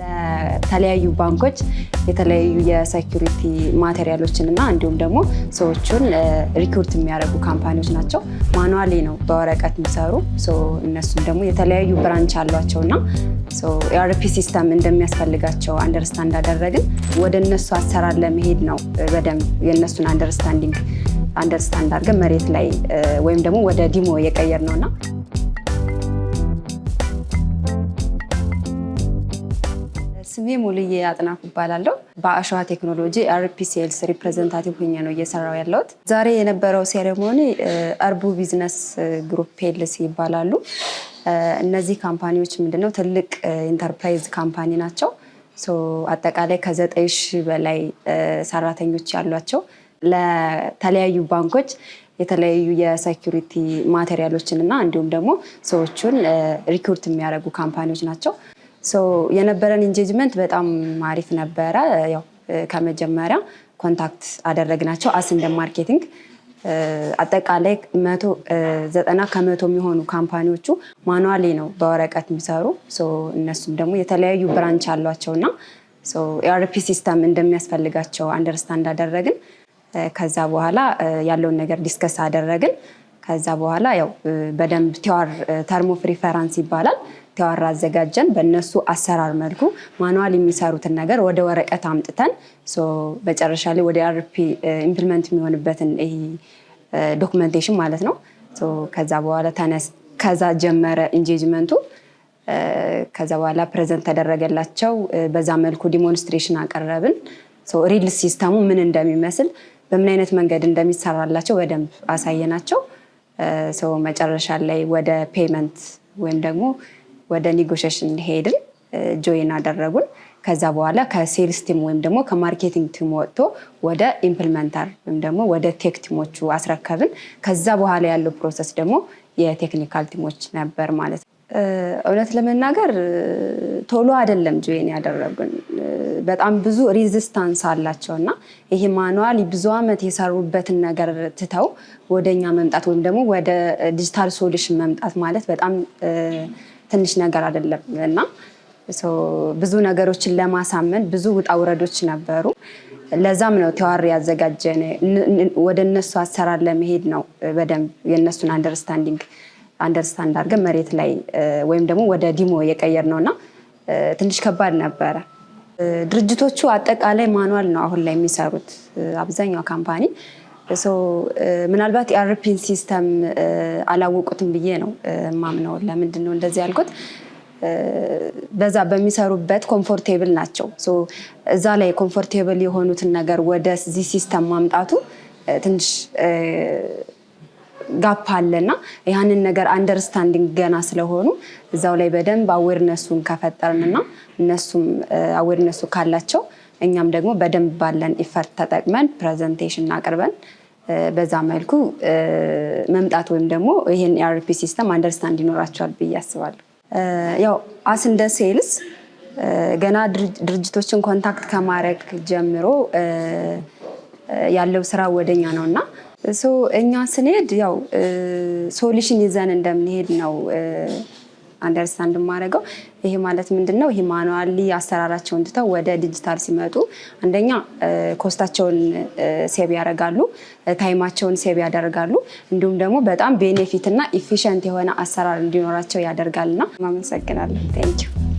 ለተለያዩ ባንኮች የተለያዩ የሴኩሪቲ ማቴሪያሎችን እና እንዲሁም ደግሞ ሰዎቹን ሪክሩት የሚያደርጉ ካምፓኒዎች ናቸው። ማኑዋሌ ነው በወረቀት የሚሰሩ እነሱም ደግሞ የተለያዩ ብራንች አሏቸው እና የአርፒ ሲስተም እንደሚያስፈልጋቸው አንደርስታንድ አደረግን። ወደ እነሱ አሰራር ለመሄድ ነው በደንብ የእነሱን አንደርስታንዲንግ አንደርስታንድ አድርገን መሬት ላይ ወይም ደግሞ ወደ ዲሞ የቀየር እና ስሜ ሙልዬ አጥናፉ እባላለሁ። በአሸዋ ቴክኖሎጂ አርፒ ሴልስ ሪፕሬዘንታቲቭ ሆኜ ነው እየሰራው ያለሁት። ዛሬ የነበረው ሴሬሞኒ አርቡ ቢዝነስ ግሩፕ ፔልስ ይባላሉ። እነዚህ ካምፓኒዎች ምንድነው ትልቅ ኢንተርፕራይዝ ካምፓኒ ናቸው። አጠቃላይ ከዘጠኝ ሺህ በላይ ሰራተኞች ያሏቸው ለተለያዩ ባንኮች የተለያዩ የሴኪሪቲ ማቴሪያሎችን እና እንዲሁም ደግሞ ሰዎቹን ሪክሩት የሚያደርጉ ካምፓኒዎች ናቸው። የነበረን ኢንጌጅመንት በጣም አሪፍ ነበረ። ያው ከመጀመሪያ ኮንታክት አደረግናቸው አስ ማርኬቲንግ አጠቃላይ መቶ ዘጠና ከመቶ የሚሆኑ ካምፓኒዎቹ ማኑዋሌ ነው በወረቀት የሚሰሩ እነሱም ደግሞ የተለያዩ ብራንች አሏቸው እና ኤአርፒ ሲስተም እንደሚያስፈልጋቸው አንደርስታንድ አደረግን። ከዛ በኋላ ያለውን ነገር ዲስከስ አደረግን። ከዛ በኋላ ያው በደንብ ቲዋር ተርሞፍ ሪፈራንስ ይባላል። ቲዋር አዘጋጀን። በእነሱ አሰራር መልኩ ማኑዋል የሚሰሩትን ነገር ወደ ወረቀት አምጥተን መጨረሻ ላይ ወደ አርፒ ኢምፕሊመንት የሚሆንበትን ይሄ ዶክመንቴሽን ማለት ነው። ከዛ በኋላ ተነስ ከዛ ጀመረ ኢንጌጅመንቱ። ከዛ በኋላ ፕሬዘንት ተደረገላቸው። በዛ መልኩ ዲሞንስትሬሽን አቀረብን። ሪል ሲስተሙ ምን እንደሚመስል በምን አይነት መንገድ እንደሚሰራላቸው በደንብ አሳየናቸው። ሰው መጨረሻ ላይ ወደ ፔመንት ወይም ደግሞ ወደ ኔጎሽሽን ሄድን፣ ጆይን አደረጉን። ከዛ በኋላ ከሴልስ ቲም ወይም ደግሞ ከማርኬቲንግ ቲም ወጥቶ ወደ ኢምፕልመንተር ወይም ደግሞ ወደ ቴክ ቲሞቹ አስረከብን። ከዛ በኋላ ያለው ፕሮሰስ ደግሞ የቴክኒካል ቲሞች ነበር ማለት ነው። እውነት ለመናገር ቶሎ አይደለም ጆይን ያደረጉን። በጣም ብዙ ሪዚስታንስ አላቸው እና ይሄ ማኑዋል ብዙ ዓመት የሰሩበትን ነገር ትተው ወደኛ መምጣት ወይም ደግሞ ወደ ዲጂታል ሶሉሽን መምጣት ማለት በጣም ትንሽ ነገር አይደለም እና ብዙ ነገሮችን ለማሳመን ብዙ ውጣ ውረዶች ነበሩ። ለዛም ነው ተዋር ያዘጋጀን። ወደ እነሱ አሰራር ለመሄድ ነው በደንብ የእነሱን አንደርስታንዲንግ አንደርስታንድ አድርገን መሬት ላይ ወይም ደግሞ ወደ ዲሞ የቀየር ነው እና ትንሽ ከባድ ነበረ። ድርጅቶቹ አጠቃላይ ማኑዋል ነው አሁን ላይ የሚሰሩት አብዛኛው ካምፓኒ። ምናልባት የአርፒን ሲስተም አላወቁትም ብዬ ነው ማምነው። ለምንድን ነው እንደዚህ ያልኩት? በዛ በሚሰሩበት ኮምፎርቴብል ናቸው። እዛ ላይ ኮምፎርቴብል የሆኑትን ነገር ወደዚህ ሲስተም ማምጣቱ ትንሽ ጋፕ አለና ያንን ነገር አንደርስታንዲንግ ገና ስለሆኑ እዛው ላይ በደንብ አዌርነሱን ከፈጠርንና እነሱም አዌርነሱ ካላቸው እኛም ደግሞ በደንብ ባለን ኢፈርት ተጠቅመን ፕሬዘንቴሽን አቅርበን በዛ መልኩ መምጣት ወይም ደግሞ ይህን የአርፒ ሲስተም አንደርስታንድ ይኖራቸዋል ብዬ አስባለሁ። ያው አስ እንደ ሴልስ ገና ድርጅቶችን ኮንታክት ከማድረግ ጀምሮ ያለው ስራ ወደኛ ነው እና እኛ ስንሄድ ያው ሶሉሽን ይዘን እንደምንሄድ ነው አንደርስታንድ ማድረገው። ይሄ ማለት ምንድን ነው? ይሄ ማኑዋሊ አሰራራቸውን ትተው ወደ ዲጂታል ሲመጡ አንደኛ ኮስታቸውን ሴብ ያደርጋሉ፣ ታይማቸውን ሴብ ያደርጋሉ። እንዲሁም ደግሞ በጣም ቤኔፊት እና ኢፊሽንት የሆነ አሰራር እንዲኖራቸው ያደርጋልና ማመሰግናለሁ። ቴንኪው